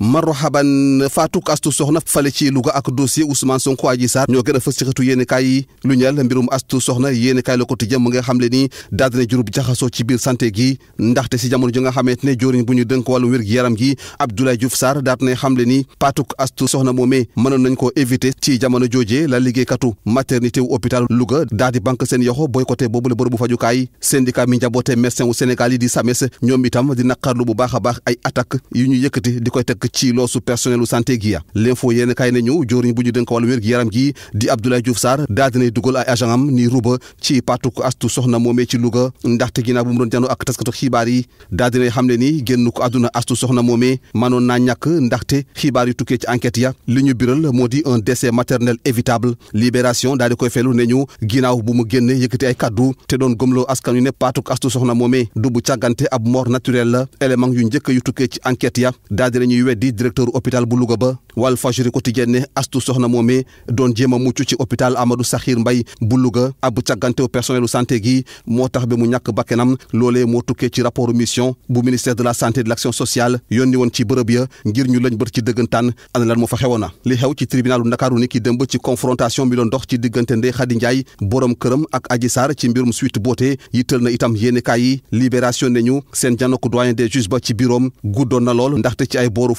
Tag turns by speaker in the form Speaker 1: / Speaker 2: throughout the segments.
Speaker 1: marhaban Fatou astu soxna fale ci Louga ak dossier Ousmane Sonko Adji Sarr ñoo gën a fës yenn xëtu yéenekaay yi lu ñeel mbirum Astou Sokhna yéenekaay Le Quotidien mu nga xam le ni daal dina jurub jaxasoo ci biir santé gi ndaxte si jamono ji nga xamante ne jóoriñ bu ñu dënk wàllu wér-gi-yaram gi Abdoulaye Diouf daat na xam le ni Fatou Astou Sokhna moomee mënoon nañ koo éviter ci jamono joojee la liggéeykatu maternité wu hôpital Louga daal di banque seen yoxo boycotté boobu le bërëbu fajukaay seen di mi njaboote médecin wu Sénégal yi di SAMES ñoom itam di naqarlu bu baax a baax ay attaque yu ñu yëkkati di koy teg nekk ci loosu personnelu santé gi ya l'info yéen kaay nañu jóoriñ bu ñu dénk wàllu wér gi yaram gi di Abdoulaye Diouf Sarr daal dinay dugal ay agent am ni ruba ci pàttuk astu soxna moomee ci Louga ndaxte ginnaaw bu mu di un décès maternel évitable libération daal koy felu ne ñu ginnaaw bu mu génne yëkkati ay kaddu te doon gëmloo askan yu ne paatuk astu soxna moomee du bu càggante ab mort naturel la yu njëkk yu tukkee ci enquête ya daal di ñuy Sambé di directeur hôpital bu Louga ba Walf Fadjri quotidien ne astu soxna moomee doon jéem a mucc ci hôpital Amadou Sakhir Mbaye bu ab càggantew personnelu santé gi moo tax bi mu ñàkk bakkenam loolee moo tukkee ci rapport mission bu ministère de la santé et de l'action sociale yónni woon ci bërëb ya ngir ñu lañ ci dëggantaan ana lan borom këram ak Adji Sarr ci mbirum suite beauté yittal na itam yéenekaay yi libération ne ñu seen janok doyen des ba ci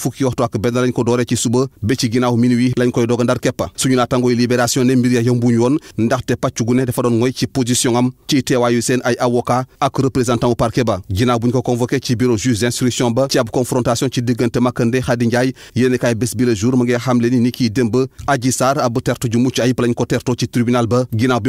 Speaker 1: fukki waxtu ak benn lañ ko dooree ci suba ba ci ginnaaw lañ koy doog a keppa suñu naatangoo yi libération ne mbir yombuñu woon ndaxte pàcc gu ne dafa doon mooy ci position ci teewaayu seen ay avocat ak représentant bu parquet ba ginnaaw bu ko convoqué ci bureau juge d'instruction ba ci ab confrontation ci diggante Makande Khady Ndiaye yéeni kaay bés bi le jour ni kii démb Adji ab tertu ju mucc ayib lañ ko tertoo ci tribunal ba ginnaaw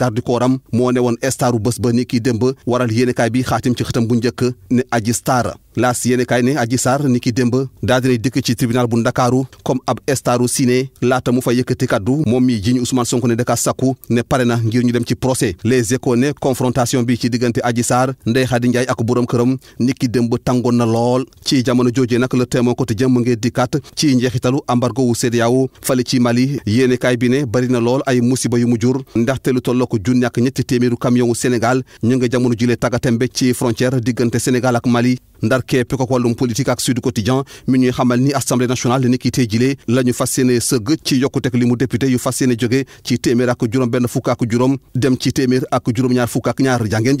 Speaker 1: garde du corps am moo ne woon staru bés ba ni kii démb waral yéenekaay bi xaatim ci xëtam bu njëkk ne aji star laas yéene kaay ne Adji Sarr ni ki démb daa dëkk ci tribunal bu ndakaaru comme ab estaru ciné laata mu fa yëkkati kaddu moom mi ji ñu Ousmane Sonko ne daka sàkku ne pare na ngir ñu dem ci procès les échos ne confrontation bi ci diggante Adji Sarr Ndeye Khady Ndiaye ak borom këram ni ki démb tàngoon na lool ci jamono joojee nag le témoin quotidien mu ngi dikkaat ci njeexitalu embargo wu CEDEAO fale ci Mali yéene kaay bi ne bari na lool ay musiba yu mu jur ndaxte lu tolloo ko junni ak ñetti téeméeru camion wu Sénégal ñu nga jamono jile tagatembe ci frontière diggante Sénégal ak Mali ndar kepp ak wàllum politique ak Sud Quotidien mi ñuy xamal ni assemblée nationale ni ki tey jilee la ñu fas yéene sëgg ci yokkutek li mu député yu fas yéene jóge ci téeméer ak juróom benn fukk ak juróom dem ci téeméer ak juróom-ñaar fukk ak ñaar jàngeen